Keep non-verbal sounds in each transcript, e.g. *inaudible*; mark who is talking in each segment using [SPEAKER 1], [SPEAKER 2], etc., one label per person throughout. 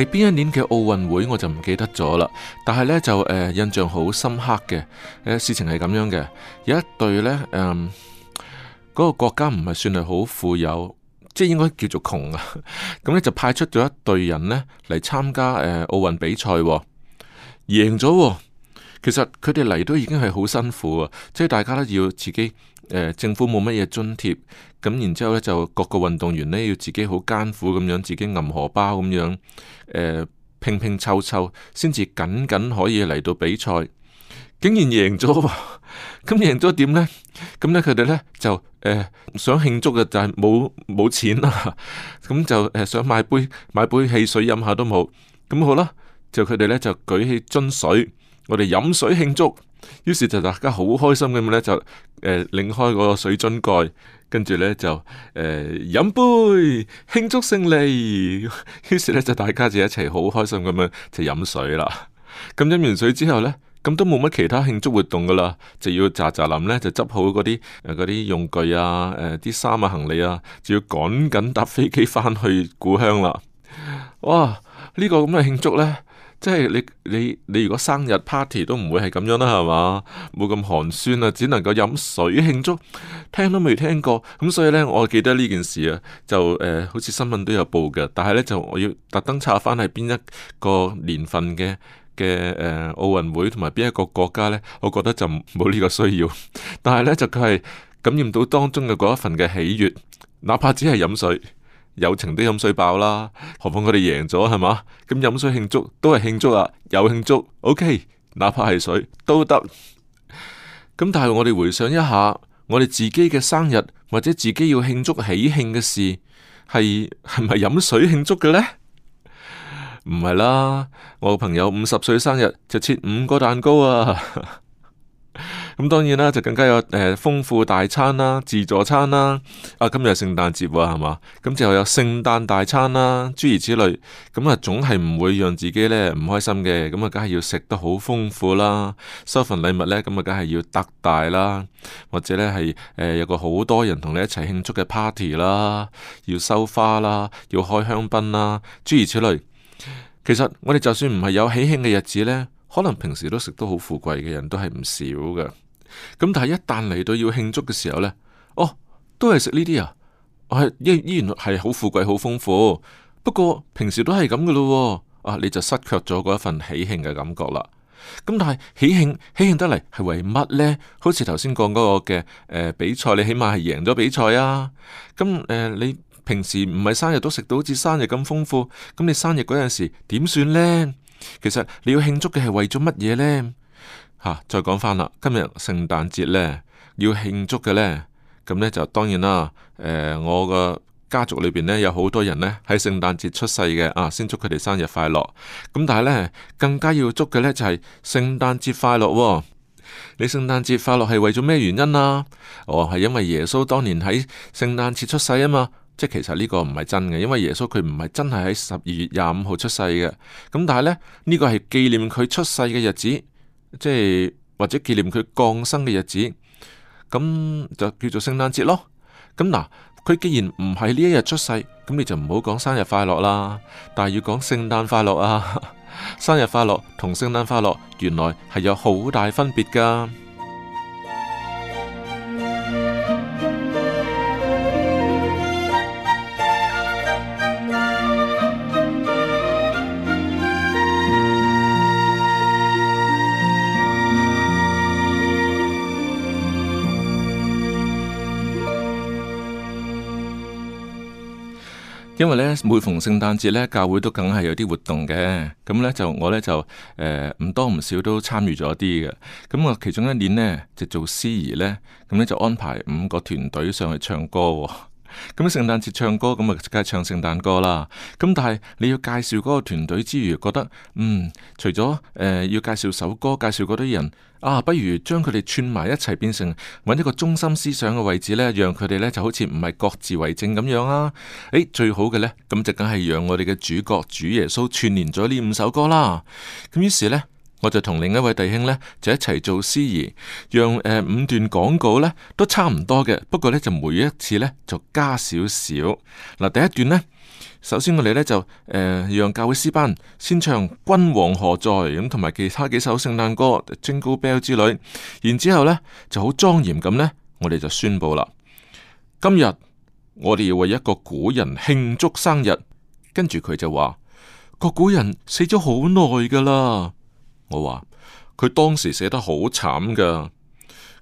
[SPEAKER 1] 係邊一年嘅奧運會我就唔記得咗啦，但係呢，就誒、呃、印象好深刻嘅誒事情係咁樣嘅，有一隊呢，誒、呃、嗰、嗰個國家唔係算係好富有，即係應該叫做窮啊，咁呢，就派出咗一隊人呢嚟參加誒奧運比賽，哦，贏咗、哦。其實佢哋嚟都已經係好辛苦啊，即係大家都要自己。政府冇乜嘢津貼，咁然之後呢，就各個運動員呢要自己好艱苦咁樣，自己揼荷包咁樣、呃，拼拼湊湊，先至緊緊可以嚟到比賽。竟然贏咗喎！咁、 *laughs* 嗯、贏咗點呢？咁、嗯、呢，佢哋呢就、呃、想慶祝嘅、 *laughs* 嗯、就係冇冇錢啦，咁、呃、就想買杯買杯汽水飲下都冇。咁、嗯、好啦，就佢哋呢就舉起樽水，我哋飲水慶祝。於是就大家好開心咁樣咧，就誒擰、呃、開個水樽蓋，跟住咧就誒飲、呃、杯慶祝勝利。於 *laughs* 是咧就大家就一齊好開心咁樣就飲水啦。咁 *laughs* 飲完水之後咧，咁都冇乜其他慶祝活動噶啦，就要咋咋林咧就執好嗰啲誒啲用具啊，誒、呃、啲衫啊，行李啊，就要趕緊搭飛機翻去故鄉啦。哇！這個、這樣慶呢個咁嘅慶祝咧～即係你你你如果生日 party 都唔會係咁樣啦，係嘛？冇咁寒酸啊，只能夠飲水慶祝，聽都未聽過。咁所以咧，我記得呢件事啊，就誒、呃，好似新聞都有報嘅。但係咧，就我要特登查翻係邊一個年份嘅嘅誒奧運會同埋邊一個國家咧，我覺得就冇呢個需要。但係咧，就佢係感染到當中嘅嗰一份嘅喜悦，哪怕只係飲水。有情都飲水飽啦，何況佢哋贏咗，係嘛？咁飲水慶祝都係慶祝啊，有慶祝，OK，哪怕係水都得。咁但係我哋回想一下，我哋自己嘅生日或者自己要慶祝喜慶嘅事，係係咪飲水慶祝嘅呢？唔係啦，我個朋友五十歲生日就切五個蛋糕啊。 *laughs* 咁當然啦，就更加有誒、呃、豐富大餐啦、自助餐啦。啊，今日係聖誕節喎，係嘛？咁就有聖誕大餐啦，諸如此類。咁啊，總係唔會讓自己呢唔開心嘅。咁啊，梗係要食得好豐富啦。收份禮物呢，咁啊，梗係要特大啦。或者呢係誒有個好多人同你一齊慶祝嘅 party 啦，要收花啦，要開香檳啦，諸如此類。其實我哋就算唔係有喜慶嘅日子呢，可能平時都食得好富貴嘅人都係唔少嘅。咁但係一旦嚟到要慶祝嘅時候呢，哦，都係食呢啲啊，係依依然係好富貴好豐富，不過平時都係咁嘅咯，啊，你就失卻咗嗰一份喜慶嘅感覺啦。咁但係喜慶喜慶得嚟係為乜呢？好似頭先講嗰個嘅、呃、比賽，你起碼係贏咗比賽啊。咁、嗯、誒、呃，你平時唔係生日都食到好似生日咁豐富，咁你生日嗰陣時點算呢？其實你要慶祝嘅係為咗乜嘢呢？吓、啊，再講翻啦。今日聖誕節咧要慶祝嘅咧，咁咧就當然啦。誒、呃，我個家族裏邊咧有好多人咧喺聖誕節出世嘅啊，先祝佢哋生日快樂。咁但係咧更加要祝嘅咧就係聖誕節快樂，哦。你聖誕節快樂係為咗咩原因啊？哦，係因為耶穌當年喺聖誕節出世啊嘛。即係其實呢個唔係真嘅，因為耶穌佢唔係真係喺十二月廿五號出世嘅。咁但係咧呢個係紀念佢出世嘅日子。即係或者紀念佢降生嘅日子，咁就叫做聖誕節咯。咁嗱、啊，佢既然唔係呢一日出世，咁你就唔好講生日快樂啦，但係要講聖誕快樂啊！ *laughs* 生日快樂同聖誕快樂，原來係有好大分別噶。因為咧每逢聖誕節咧，教會都梗係有啲活動嘅，咁咧就我咧就誒、呃、唔多唔少都參與咗啲嘅。咁我其中一年咧就做司儀咧，咁咧就安排五個團隊上去唱歌喎。咁喺聖誕節唱歌，咁啊梗係唱聖誕歌啦。咁但係你要介紹嗰個團隊之餘，覺得嗯，除咗誒、呃、要介紹首歌，介紹嗰堆人啊，不如將佢哋串埋一齊，變成揾一個中心思想嘅位置呢，讓佢哋呢就好似唔係各自為政咁樣啊。誒、哎，最好嘅呢，咁就梗係讓我哋嘅主角主耶穌串連咗呢五首歌啦。咁於是呢。我就同另一位弟兄呢，就一齊做司儀，讓、呃、五段廣告呢都差唔多嘅。不過呢，就每一次呢，就加少少嗱。第一段呢，首先我哋呢，就誒、呃、讓教會詩班先唱《君王何在》咁，同埋其他幾首聖誕歌《Jingle Bell》之類。然之後呢就好莊嚴咁呢，我哋就宣布啦。今日我哋要為一個古人慶祝生日，跟住佢就話，個古人死咗好耐噶啦。我話佢當時寫得好慘噶，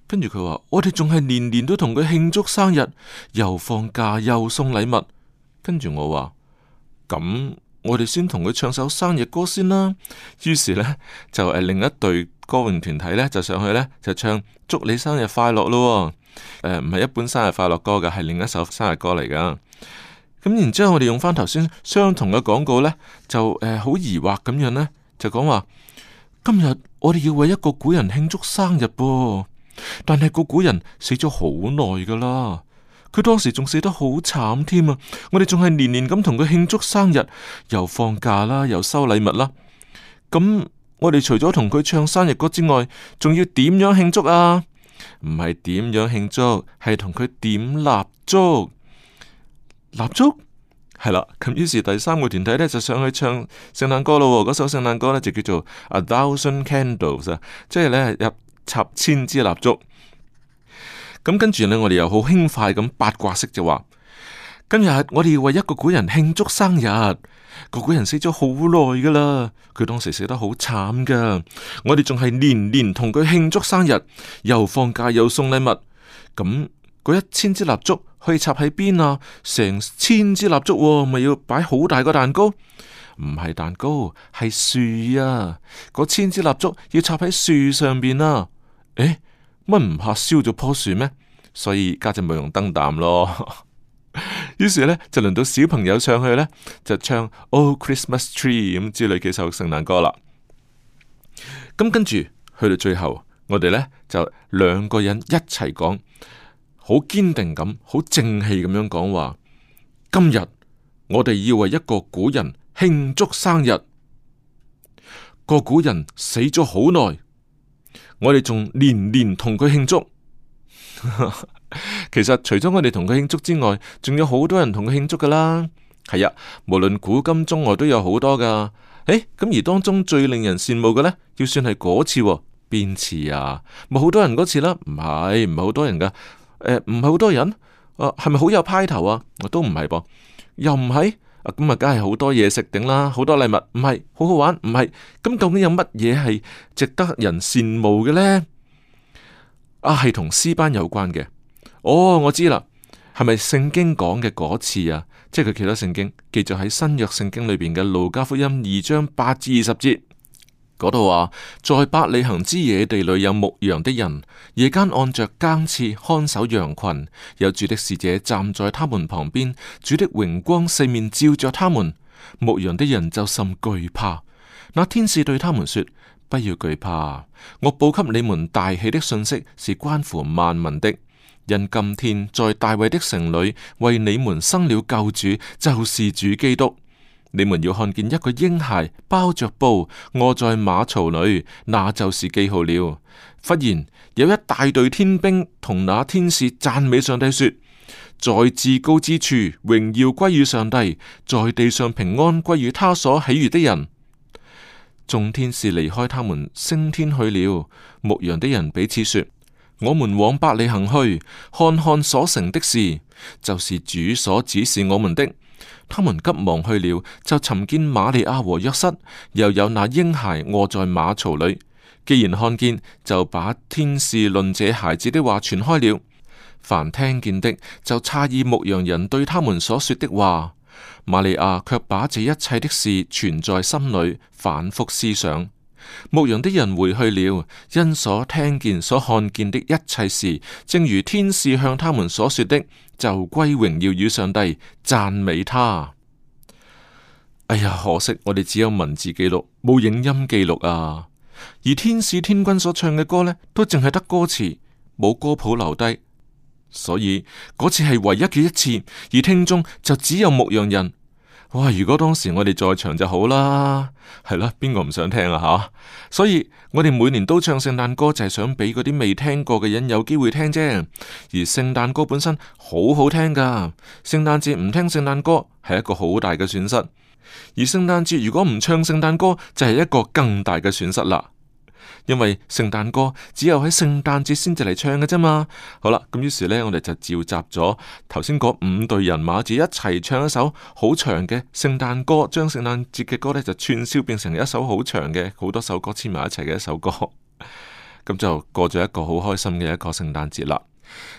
[SPEAKER 1] 跟住佢話我哋仲係年年都同佢慶祝生日，又放假又送禮物。跟住我話咁，我哋先同佢唱首生日歌先啦。於是呢，就誒另一隊歌詠團體呢，就上去呢，就唱祝你生日快樂咯。誒唔係一般生日快樂歌噶，係另一首生日歌嚟噶。咁然之後我哋用翻頭先相同嘅廣告呢，就誒好疑惑咁樣呢，就講話。今日我哋要為一個古人慶祝生日噃，但係個古人死咗好耐噶啦，佢當時仲死得好慘添啊！我哋仲係年年咁同佢慶祝生日，又放假啦，又收禮物啦。咁我哋除咗同佢唱生日歌之外，仲要點樣慶祝啊？唔係點樣慶祝，係同佢點蠟燭。蠟燭？係啦，咁於是第三個團體呢，就上去唱聖誕歌咯。嗰首聖誕歌呢，就叫做《A Thousand Candles》，即係呢，入插千支蠟燭。咁、嗯、跟住呢，我哋又好輕快咁八卦式就話：今日我哋要為一個古人慶祝生日。個古人死咗好耐噶啦，佢當時死得好慘噶。我哋仲係年年同佢慶祝生日，又放假又送禮物。咁、嗯。嗰一千支蠟燭可以插喺邊啊？成千支蠟燭，咪要擺好大個蛋糕？唔係蛋糕，係樹啊！嗰千支蠟燭要插喺樹上邊啊。誒，乜唔怕燒咗棵樹咩？所以家陣咪用燈膽咯。於是呢，就輪到小朋友上去呢，就唱《Oh Christmas Tree》咁之類幾首聖誕歌啦。咁跟住去到最後，我哋呢就兩個人一齊講。好堅定咁，好正氣咁樣講話。今日我哋要為一個古人慶祝生日。個古人死咗好耐，我哋仲年年同佢慶祝。 *laughs* 其實除咗我哋同佢慶祝之外，仲有好多人同佢慶祝噶啦。係啊，無論古今中外都有好多噶。誒、欸，咁而當中最令人羨慕嘅呢，要算係嗰次邊次啊？咪好、啊、多人嗰次啦，唔係唔係好多人噶？唔係好多人，啊，係咪好有派頭啊？都唔係噃，又唔係啊，咁啊，梗係好多嘢食頂啦，好多禮物，唔係好好玩，唔係咁，究竟有乜嘢係值得人羨慕嘅呢？啊，係同詩班有關嘅。哦，我知啦，係咪聖經講嘅嗰次啊？即係佢其他聖經記載喺新約聖經裏邊嘅路加福音二章八至二十節。嗰度話，在百里行之野地裏有牧羊的人，夜間按着更次看守羊群，有主的使者站在他們旁邊，主的榮光四面照着他們，牧羊的人就甚懼怕。那天使對他們說：不要懼怕，我報給你們大喜的信息是關乎萬民的，因今天在大衛的城裏為你們生了救主，就是主基督。你們要看見一個嬰孩包着布臥在馬槽裏，那就是記號了。忽然有一大隊天兵同那天使讚美上帝說，說：在至高之處榮耀歸於上帝，在地上平安歸於他所喜悅的人。眾天使離開他們升天去了。牧羊的人彼此說：我們往伯利恆去，看看所成的事，就是主所指示我們的。他們急忙去了，就尋見瑪利亞和約瑟，又有那嬰孩臥在馬槽裏。既然看見，就把天使論這孩子的話傳開了。凡聽見的，就詫異牧羊人對他們所說的話。瑪利亞卻把這一切的事存在心裏，反覆思想。牧羊的人回去了，因所聽見、所看見的一切事，正如天使向他們所說的，就歸榮耀與上帝，讚美他。哎呀，可惜我哋只有文字記錄，冇影音記錄啊！而天使天君所唱嘅歌呢，都淨係得歌詞，冇歌譜留低，所以嗰次係唯一嘅一次，而聽眾就只有牧羊人。哇！如果當時我哋在場就好啦，係啦，邊個唔想聽啊嚇？所以我哋每年都唱聖誕歌，就係想畀嗰啲未聽過嘅人有機會聽啫。而聖誕歌本身好好聽㗎，聖誕節唔聽聖誕歌係一個好大嘅損失。而聖誕節如果唔唱聖誕歌，就係一個更大嘅損失啦。因為聖誕歌只有喺聖誕節先至嚟唱嘅啫嘛，好啦，咁於是呢，我哋就召集咗頭先嗰五隊人馬，就一齊唱一首好長嘅聖誕歌，將聖誕節嘅歌呢，就串燒變成一首好長嘅、好多首歌黐埋一齊嘅一首歌，咁、 *laughs* 嗯、就過咗一個好開心嘅一個聖誕節啦。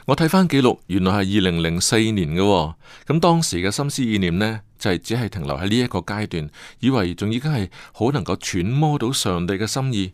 [SPEAKER 1] 我睇翻記錄，原來係二零零四年嘅。哦，咁當時嘅心思意念呢，就係、是、只係停留喺呢一個階段，以為仲已經係好能夠揣摩到上帝嘅心意。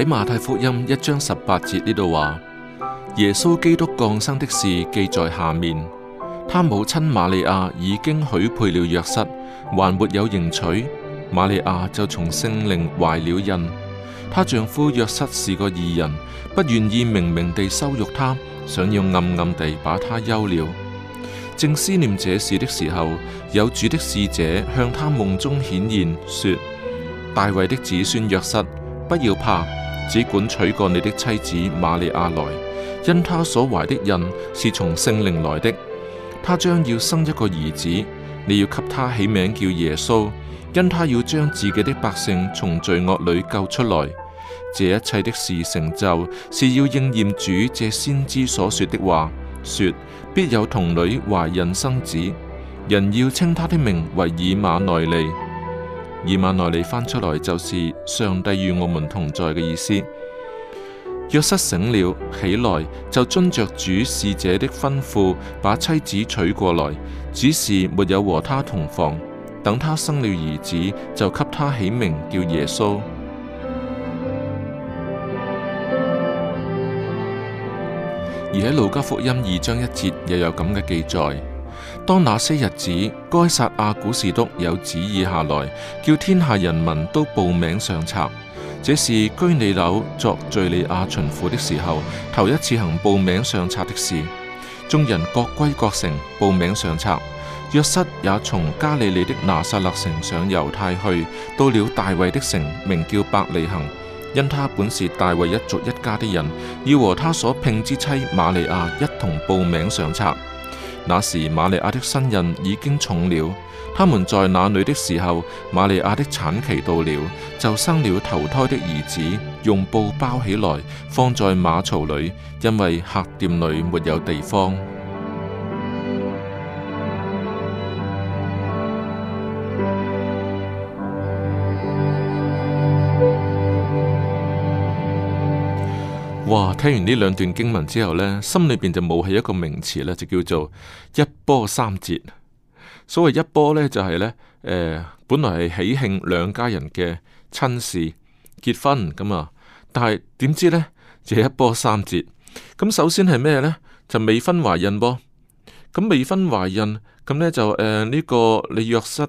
[SPEAKER 1] 喺馬太福音一章十八節呢度話，耶穌基督降生的事記在下面。他母親瑪利亞已經許配了約瑟，還沒有迎娶。瑪利亞就從聖靈懷了孕。她丈夫約瑟是個義人，不願意明明地羞辱她，想要暗暗地把她休了。正思念這事的時候，有主的使者向他夢中顯現，說：大衛的子孫約瑟，不要怕。只管娶過你的妻子瑪利亞來，因她所懷的孕是從聖靈來的。她將要生一個兒子，你要給他起名叫耶穌，因他要將自己的百姓從罪惡裏救出來。這一切的事成就，是要應驗主借先知所說的話，說必有童女懷孕生子，人要稱他的名為以馬內利。而馬內利翻出來就是上帝與我們同在嘅意思。約瑟醒了起來，就遵着主使者的吩咐，把妻子娶過來，只是沒有和她同房。等她生了兒子，就給他起名叫耶穌。而喺路加福音二章一節，又有咁嘅記載。當那些日子，該撒亞古士督有旨意下來，叫天下人民都報名上冊。這是居里樓作敘利亞巡撫的時候，頭一次行報名上冊的事。眾人各歸各城報名上冊。約瑟也從加利利的拿撒勒城上猶太去，到了大衛的城，名叫伯利恒，因他本是大衛一族一家的人，要和他所聘之妻瑪利亞一同報名上冊。那時瑪利亞的身孕已經重了，他們在那裏的時候，瑪利亞的產期到了，就生了頭胎的兒子，用布包起來，放在馬槽裏，因為客店裏沒有地方。哇！聽完呢兩段經文之後呢，心裏邊就冒起一個名詞咧，就叫做一波三折。所謂一波呢，就係、是、呢、呃，本來係喜慶兩家人嘅親事結婚咁啊、嗯，但係點知呢，就係、一波三折。咁、嗯、首先係咩呢？就未婚懷孕噃。咁、嗯、未婚懷孕，咁、嗯、呢就呢、呃這個你約瑟。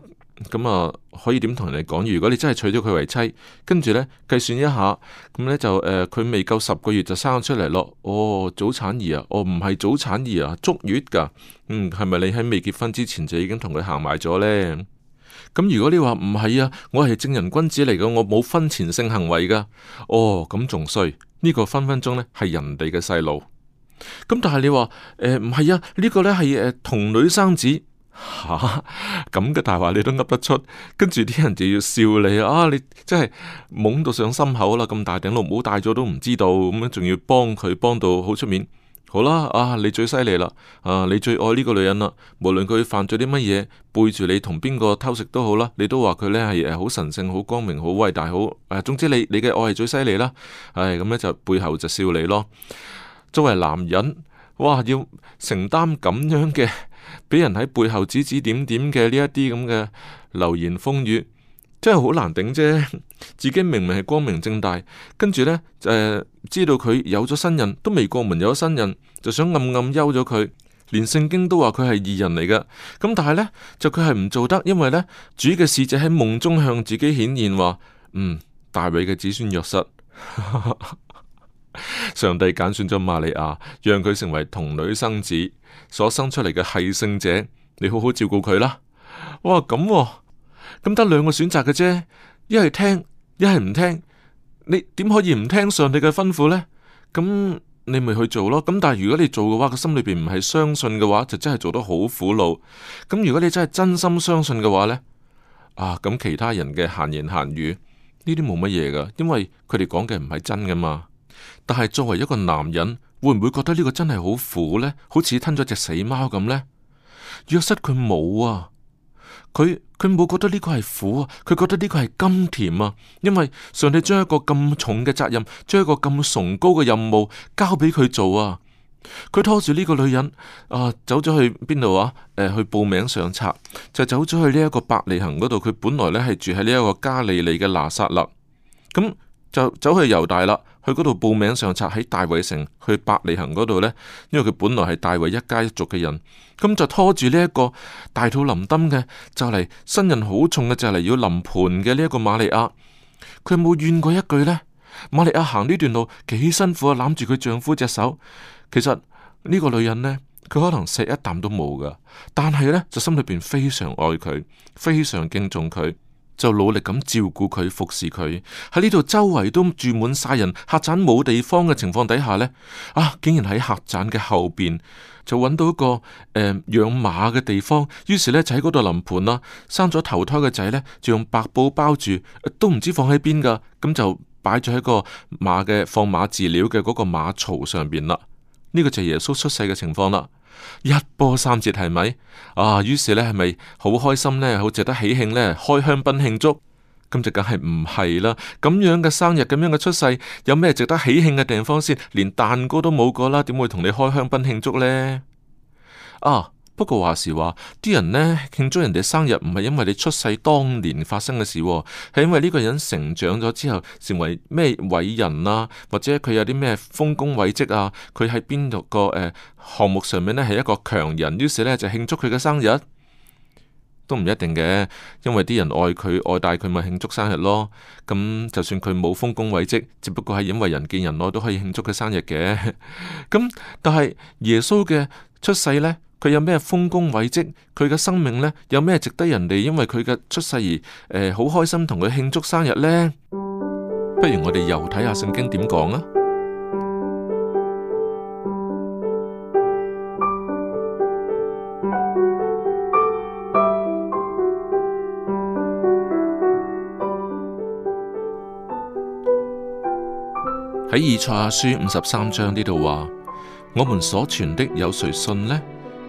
[SPEAKER 1] 咁啊、嗯，可以點同人哋講？如果你真係娶咗佢為妻，跟住呢計算一下，咁呢就誒，佢、呃、未夠十個月就生咗出嚟咯。哦，早產兒啊，哦唔係早產兒啊，足月噶。嗯，係咪你喺未結婚之前就已經同佢行埋咗呢？咁、嗯、如果你話唔係啊，我係正人君子嚟嘅，我冇婚前性行為噶。哦，咁仲衰，呢、呢個分分鐘呢，係人哋嘅細路。咁、嗯、但係你話誒唔係啊？呢、呢個呢，係誒同女生子。吓咁嘅大話你都噏得出，跟住啲人就要笑你啊！你真係懵到上心口啦！咁大頂綠帽戴咗都唔知道，咁樣仲要幫佢幫到好出面，好啦啊！你最犀利啦啊！你最愛呢個女人啦，無論佢犯咗啲乜嘢，背住你同邊個偷食都好啦，你都話佢呢係好神聖、好光明、好偉大、好誒、啊，總之你你嘅愛係最犀利啦！唉、哎，咁呢就背後就笑你咯。作為男人，哇要承擔咁樣嘅。俾人喺背後指指點點嘅呢一啲咁嘅流言風語，真係好難頂啫！自己明明係光明正大，跟住呢，誒、呃，知道佢有咗新人都未過門有咗新人，就想暗暗休咗佢。連聖經都話佢係義人嚟噶，咁但係呢，就佢係唔做得，因為呢，主嘅使者喺夢中向自己顯現話：嗯，大衛嘅子孫約瑟。 *laughs* 上帝揀選咗瑪利亞，讓佢成為童女生子所生出嚟嘅犧牲者。你好好照顧佢啦。哇，咁咁得兩個選擇嘅啫，一係聽，一係唔聽。你點可以唔聽上帝嘅吩咐呢？咁你咪去做咯。咁但係如果你做嘅話，個心裏邊唔係相信嘅話，就真係做得好苦惱。咁如果你真係真心相信嘅話呢，啊咁，其他人嘅閒言閒語呢啲冇乜嘢噶，因為佢哋講嘅唔係真噶嘛。但係，作為一個男人，會唔會覺得呢個真係好苦呢？好似吞咗隻死貓咁呢？約瑟佢冇啊，佢佢冇覺得呢個係苦啊，佢覺得呢個係甘甜啊，因為上帝將一個咁重嘅責任，將一個咁崇高嘅任務交俾佢做啊。佢拖住呢個女人啊，走咗去邊度啊？誒、呃，去報名上冊就走咗去呢一個伯利恒嗰度。佢本來咧係住喺呢一個加利利嘅拿撒勒，咁就走去猶大啦。去嗰度報名上冊，喺大衛城去伯利恆嗰度呢，因為佢本來係大衛一家一族嘅人，咁就拖住呢一個大肚林登嘅，就嚟、是、身孕好重嘅就嚟、是、要臨盆嘅呢一個瑪利亞，佢冇怨過一句呢，瑪利亞行呢段路幾辛苦啊，攬住佢丈夫隻手。其實呢、這個女人呢，佢可能錫一啖都冇噶，但係呢，就心裏邊非常愛佢，非常敬重佢。就努力咁照顧佢，服侍佢。喺呢度周圍都住滿晒人，客棧冇地方嘅情況底下呢，啊竟然喺客棧嘅後邊就揾到一個誒、呃、養馬嘅地方，於是呢，就喺嗰度臨盆啦，生咗頭胎嘅仔呢，就用白布包住、呃、都唔知放喺邊噶，咁就擺咗喺個馬嘅放馬飼料嘅嗰個馬槽上邊啦，呢個就係耶穌出世嘅情況啦。一波三折係咪啊？於是呢，係咪好開心呢，好值得喜慶呢，開香檳慶祝？咁就梗係唔係啦。咁樣嘅生日，咁樣嘅出世，有咩值得喜慶嘅地方先？連蛋糕都冇個啦，點會同你開香檳慶祝呢？啊！不過話時話，啲人呢，慶祝人哋生日，唔係因為你出世當年發生嘅事，啊，係因為呢個人成長咗之後成為咩偉人啦，啊，或者佢有啲咩豐功偉績啊，佢喺邊度個誒項目上面呢係一個強人，於是呢就慶祝佢嘅生日都唔一定嘅，因為啲人愛佢愛戴佢，咪慶祝生日咯。咁就算佢冇豐功偉績，只不過係因為人見人愛都可以慶祝佢生日嘅。咁 *laughs* 但係耶穌嘅出世呢。佢有咩豐功偉績？佢嘅生命呢，有咩值得人哋因為佢嘅出世而誒好、呃、開心同佢慶祝生日呢？不如我哋又睇下聖經點講啊？喺以賽亞書五十三章呢度話，我們所傳的有誰信呢？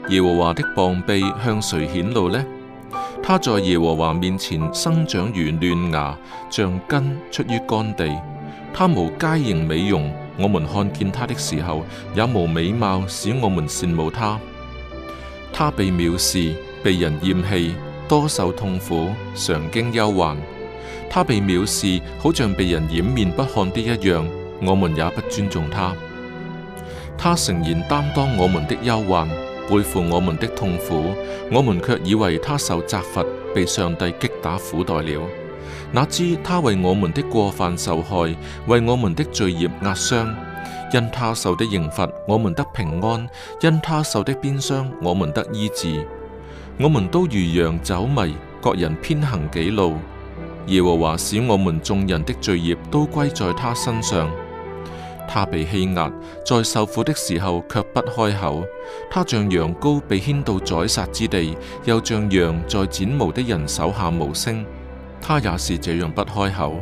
[SPEAKER 1] 耶和華的膀臂向誰顯露呢？他在耶和華面前生長如嫩芽，像根出於乾地。他無佳形美容，我們看見他的時候也無美貌，使我們羨慕他。他被藐視，被人厭棄，多受痛苦，常經憂患。他被藐視，好像被人掩面不看的一樣，我們也不尊重他。他誠然擔當我們的憂患。背負我們的痛苦，我們卻以為他受責罰，被上帝擊打苦待了。哪知他為我們的過犯受害，為我們的罪孽壓傷。因他受的刑罰，我們得平安；因他受的鞭傷，我們得醫治。我們都如羊走迷，各人偏行己路。耶和華使我們眾人的罪孽都歸在他身上。他被欺壓，在受苦的時候卻不開口。他像羊羔被牽到宰殺之地，又像羊在剪毛的人手下無聲。他也是這樣不開口。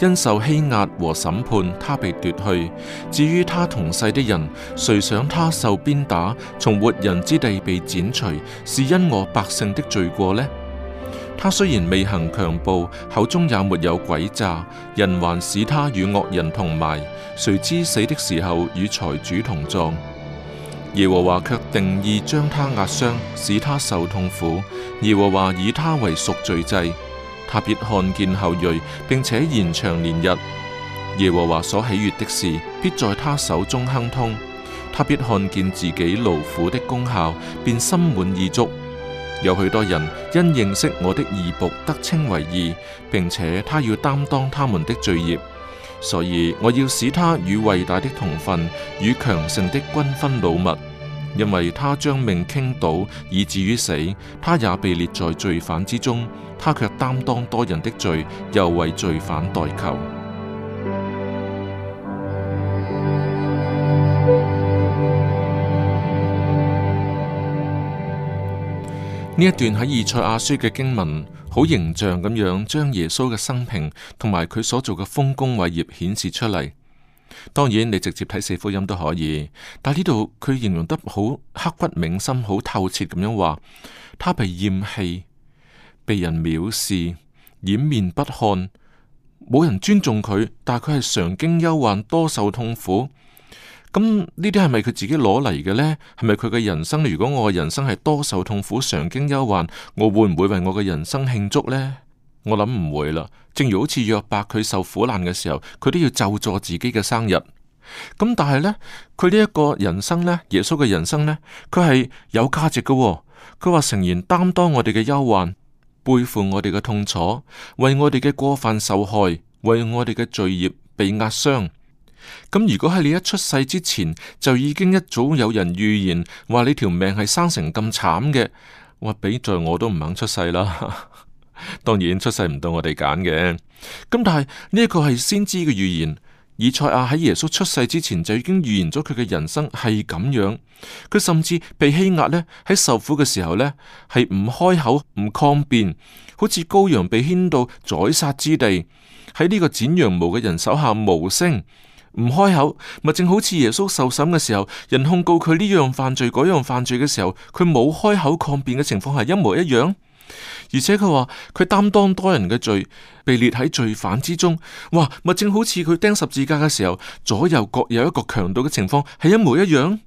[SPEAKER 1] 因受欺壓和審判，他被奪去。至於他同世的人，誰想他受鞭打，從活人之地被剪除，是因我百姓的罪過呢？他雖然未行強暴，口中也沒有詭詐，人還使他與惡人同埋，誰知死的時候與財主同葬。耶和華卻定意將他壓傷，使他受痛苦；耶和華以他為贖罪祭。他必看見後裔，並且延長年日。耶和華所喜悅的事，必在他手中亨通。他必看見自己勞苦的功效，便心滿意足。有許多人因認識我的義僕得稱為義，並且他要擔當他們的罪孽，所以我要使他與偉大的同分，與強盛的均分擄物，因為他將命傾倒以至於死，他也被列在罪犯之中，他卻擔當多人的罪，又為罪犯代求。呢一段喺《以賽亞書》嘅經文，好形象咁樣，將耶穌嘅生平同埋佢所做嘅豐功偉業顯示出嚟。當然，你直接睇四福音都可以。但呢度佢形容得好刻骨銘心、好透徹咁樣話，他被厭棄，被人藐視，掩面不看，冇人尊重佢。但佢係常經憂患，多受痛苦。咁呢啲係咪佢自己攞嚟嘅呢？係咪佢嘅人生？如果我嘅人生係多受痛苦、常經憂患，我會唔會為我嘅人生慶祝呢？我諗唔會啦。正如好似約伯佢受苦難嘅時候，佢都要就助自己嘅生日。咁但係呢，佢呢一個人生呢，耶穌嘅人生呢，佢係有價值嘅，哦。佢話誠然擔當我哋嘅憂患，背負我哋嘅痛楚，為我哋嘅過犯受害，為我哋嘅罪孽被壓傷。咁如果喺你一出世之前就已經一早有人預言，話你條命係生成咁慘嘅，話比在我都唔肯出世啦。當然出世唔到我哋揀嘅。咁但係呢一個係先知嘅預言，以賽亞喺耶穌出世之前就已經預言咗佢嘅人生係咁樣。佢甚至被欺壓呢，喺受苦嘅時候呢，係唔開口唔抗辯，好似羔羊被牽到宰殺之地，喺呢個剪羊毛嘅人手下無聲。唔開口，咪正好似耶穌受審嘅時候，人控告佢呢樣犯罪，嗰樣犯罪嘅時候，佢冇開口抗辯嘅情況係一模一樣。而且佢話佢擔當多人嘅罪，被列喺罪犯之中，哇，咪正好似佢釘十字架嘅時候，左右各有一個強盜嘅情況係一模一樣。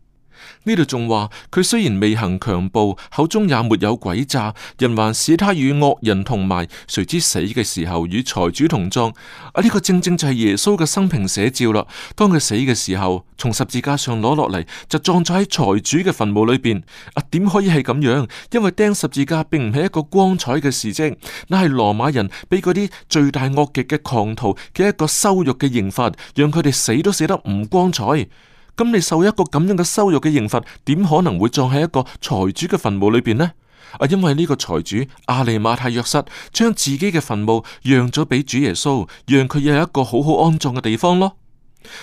[SPEAKER 1] 呢度仲話佢雖然未行強暴，口中也沒有詭詐，人還使他與惡人同埋，誰知死嘅時候與財主同葬？啊，呢個正正就係耶穌嘅生平寫照啦。當佢死嘅時候，從十字架上攞落嚟就葬咗喺財主嘅墳墓裏邊。啊，點可以係咁樣？因為釘十字架並唔係一個光彩嘅事蹟，那係羅馬人俾嗰啲最大惡極嘅狂徒嘅一個羞辱嘅刑罰，讓佢哋死都死得唔光彩。咁你受一個咁樣嘅羞辱嘅刑罰，點可能會葬喺一個財主嘅墳墓裏邊呢？啊，因為呢個財主亞利馬太約瑟將自己嘅墳墓讓咗俾主耶穌，讓佢有一個好好安葬嘅地方咯。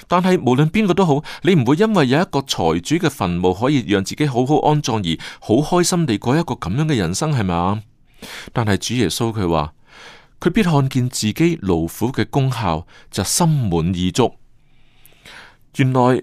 [SPEAKER 1] 但係無論邊個都好，你唔會因為有一個財主嘅墳墓可以讓自己好好安葬而好開心地過一個咁樣嘅人生係咪？但係主耶穌佢話，佢必看見自己勞苦嘅功效就心滿意足。原來。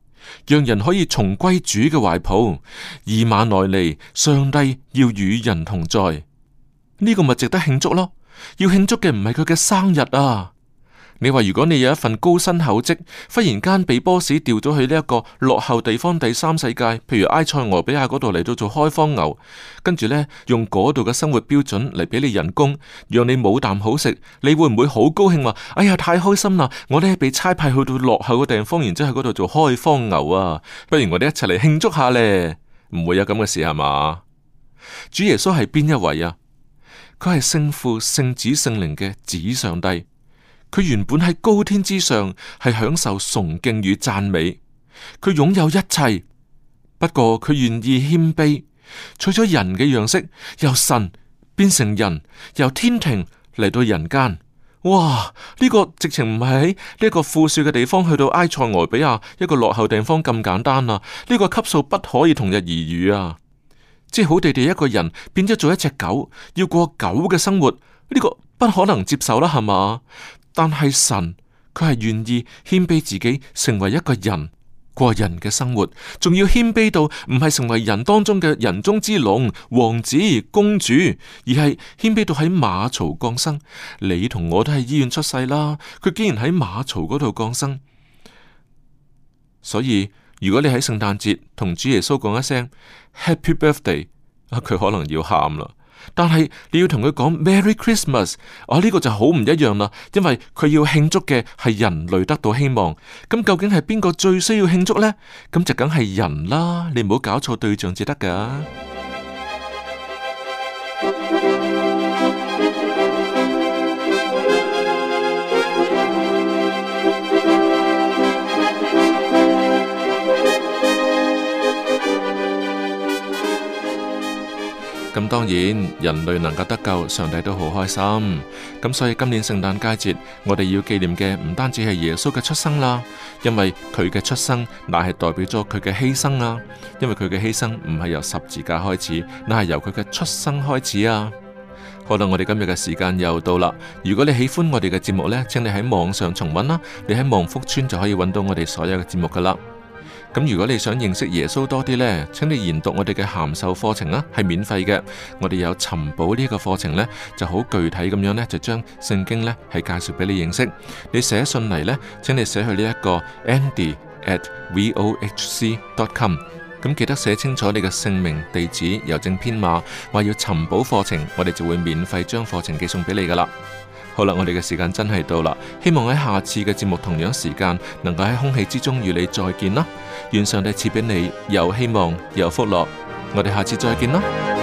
[SPEAKER 1] 讓人可以重歸主嘅懷抱，以馬內利，上帝要與人同在，呢個咪值得慶祝咯？要慶祝嘅唔係佢嘅生日啊！你話如果你有一份高薪厚職，忽然間被 boss 調咗去呢一個落後地方，第三世界，譬如埃塞俄比亞嗰度嚟到做開荒牛，跟住呢，用嗰度嘅生活標準嚟俾你人工，讓你冇啖好食，你會唔會好高興話？哎呀，太開心啦！我哋係被差派去到落後嘅地方，然之後喺嗰度做開荒牛啊！不如我哋一齊嚟慶祝下咧，唔會有咁嘅事係嘛？主耶穌係邊一位啊？佢係聖父、聖子、聖靈嘅子上帝。佢原本喺高天之上，係享受崇敬與讚美。佢擁有一切，不過佢願意謙卑，取咗人嘅樣式，由神變成人，由天庭嚟到人間。哇！呢、這個直情唔係呢個富庶嘅地方，去到埃塞俄比亞一個落後地方咁簡單啊！呢、這個級數不可以同日而語啊！即係好地地一個人變咗做一隻狗，要過狗嘅生活，呢、這個不可能接受啦，係嘛？但係神佢係願意謙卑自己，成為一個人，過人嘅生活，仲要謙卑到唔係成為人當中嘅人中之龍、王子、公主，而係謙卑到喺馬槽降生。你同我都喺醫院出世啦，佢竟然喺馬槽嗰度降生。所以如果你喺聖誕節同主耶穌講一聲 Happy Birthday，佢可能要喊啦。但係你要同佢講 Merry Christmas，啊，呢個就好唔一樣啦，因為佢要慶祝嘅係人類得到希望。咁究竟係邊個最需要慶祝呢？咁就梗係人啦，你唔好搞錯對象至得㗎。咁當然，人類能夠得救，上帝都好開心。咁所以今年聖誕佳節，我哋要紀念嘅唔單止係耶穌嘅出生啦，因為佢嘅出生乃係代表咗佢嘅犧牲啊。因為佢嘅犧牲唔係由十字架開始，乃係由佢嘅出生開始啊。可能我哋今日嘅時間又到啦。如果你喜歡我哋嘅節目呢，請你喺網上重溫啦。你喺望福村就可以揾到我哋所有嘅節目噶啦。咁如果你想認識耶穌多啲呢，請你研讀我哋嘅函授課程啦，係免費嘅。我哋有尋寶呢一個課程呢，就好具體咁樣呢，就將聖經呢係介紹俾你認識。你寫信嚟，呢，請你寫去呢一個 andy at v o h c dot com。咁記得寫清楚你嘅姓名、地址、郵政編碼，話要尋寶課程，我哋就會免費將課程寄送俾你噶啦。好啦，我哋嘅時間真係到啦，希望喺下次嘅節目同樣時間，能夠喺空氣之中與你再見啦。願上帝賜俾你有希望，有福樂。我哋下次再見啦。